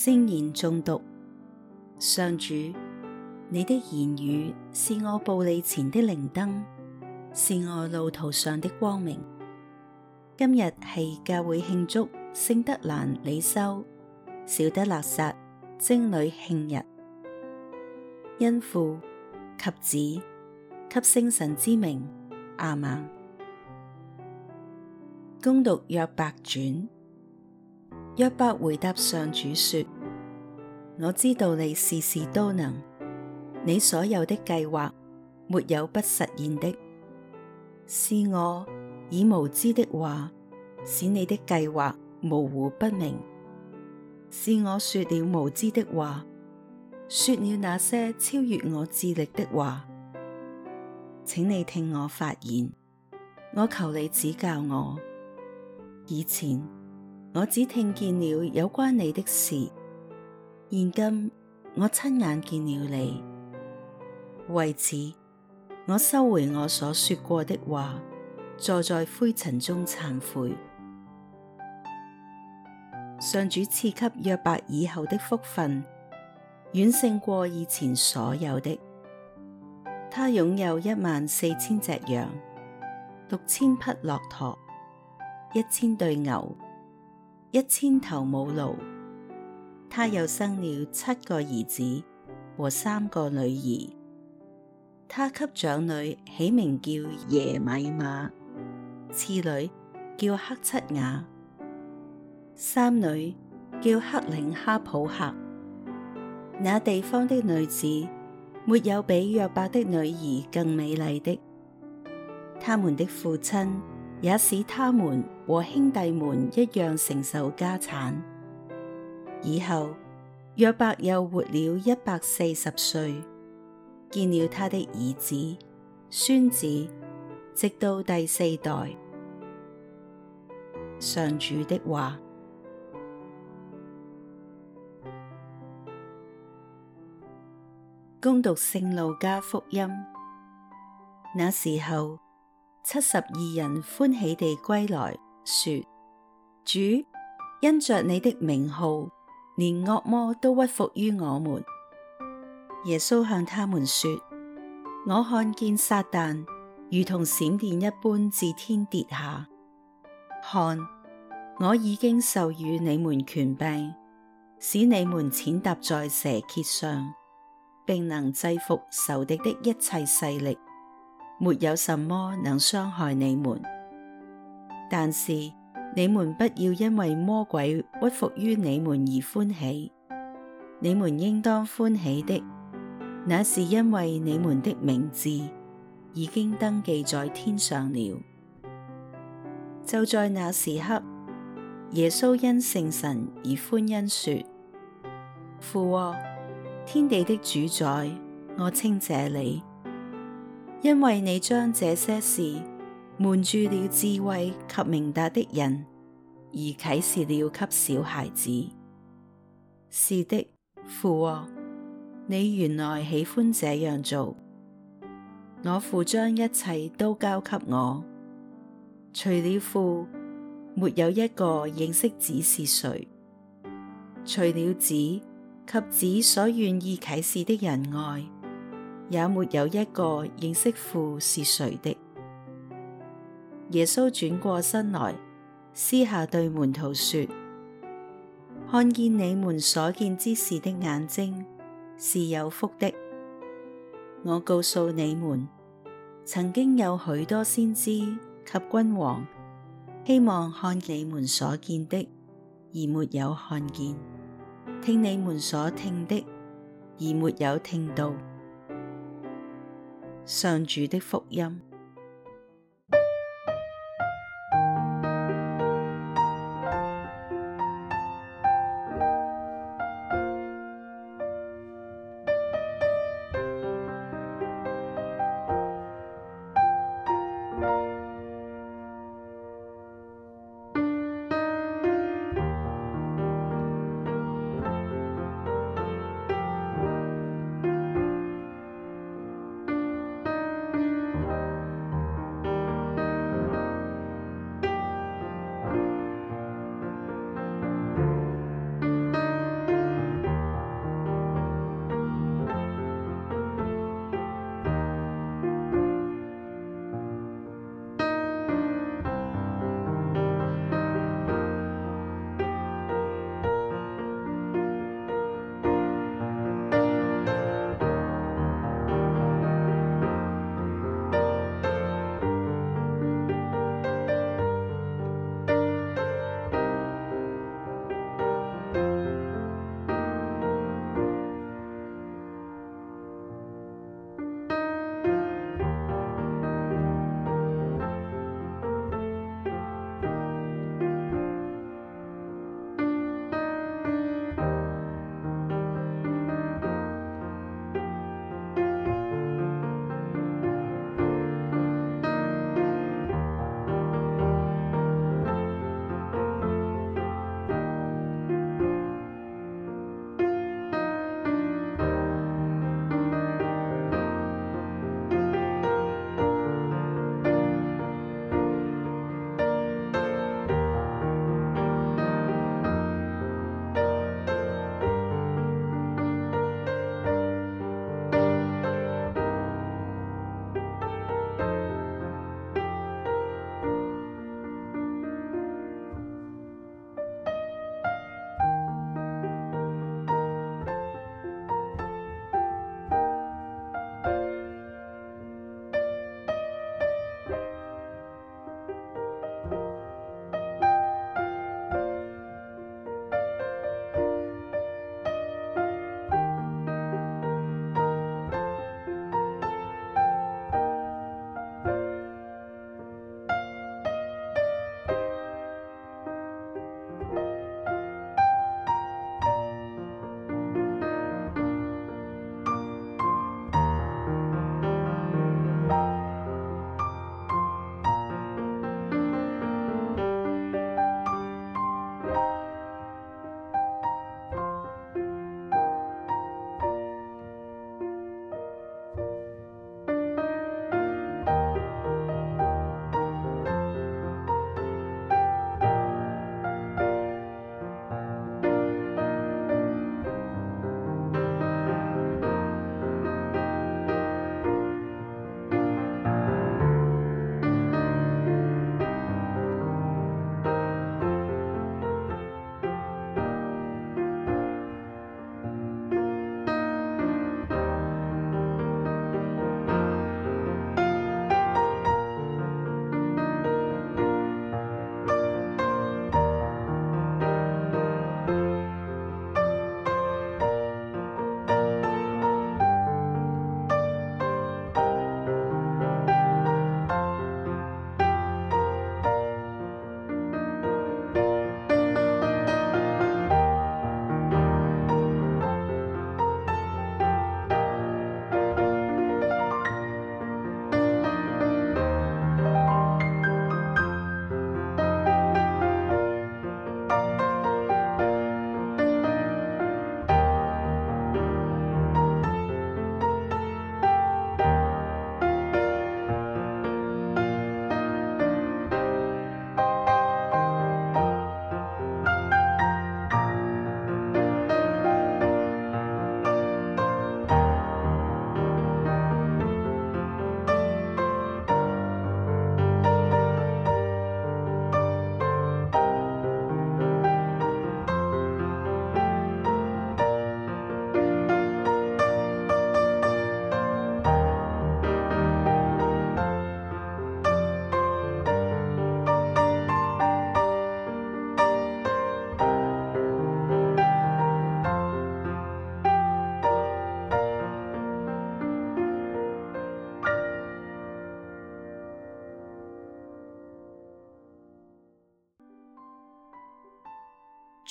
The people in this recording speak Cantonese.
聖言誦讀，上主，你的言語是我步履前的靈燈，是我路途上的光明。今日係教會慶祝聖德蘭里修小德肋撒貞女慶日，因父及子及聖神之名，阿瑪。恭讀約伯傳。約伯回答上主說：我知道你事事都能，你所有的計劃沒有不實現的。是我以無知的話使你的計劃模糊不明，是我說了無知的話，說了那些超越我智力的話。請你聽我發言，我求你指教我。以前。我只聽見了有關你的事。現今我親眼見了你，為此，我收回我所說過的話，坐在灰塵中懺悔。上主賜給約伯以後的福分，遠勝過以前所有的。他擁有一萬四千隻羊，六千匹駱駝，一千對牛。一千頭母驢，她又生了七個兒子和三個女兒。她給長女起名叫耶米瑪，次女叫刻漆雅，三女叫刻楞哈普客。那地方的女子沒有比約伯的女兒更美麗的。他們的父親。也使他們和兄弟們一樣承受家產。以後約伯又活了一百四十歲，見了他的兒子、孫子，直到第四代。上主的話。恭讀聖路加福音。那時候。七十二人歡喜地歸來，說：主因着你的名號，連惡魔都屈服於我們。耶穌向他們說：我看見撒殫如同閃電一般自天跌下，看，我已經授予你們權柄，使你們踐踏在蛇蠍上，並能制伏仇敵的一切勢力。沒有什麼能傷害你們，但是你們不要因為魔鬼屈服於你們而歡喜。你們應當歡喜的，那是因為你們的名字已經登記在天上了。就在那時刻，耶穌因聖神而歡欣說：「父啊！天地的主宰，我稱謝你。因為你將這些事瞞住了智慧及明達的人，而啟示了給小孩子。是的，父，哦，你原來喜歡這樣做。我父將一切都交給我，除了父，沒有一個認識子是誰；除了子及子所願意啟示的人外。也沒有一個認識父是誰的。耶穌轉過身來，私下對門徒說：看見你們所見之事的眼睛是有福的。我告訴你們，曾經有許多先知及君王，希望看你們所見的，而沒有看見；聽你們所聽的，而沒有聽到。上主的福音。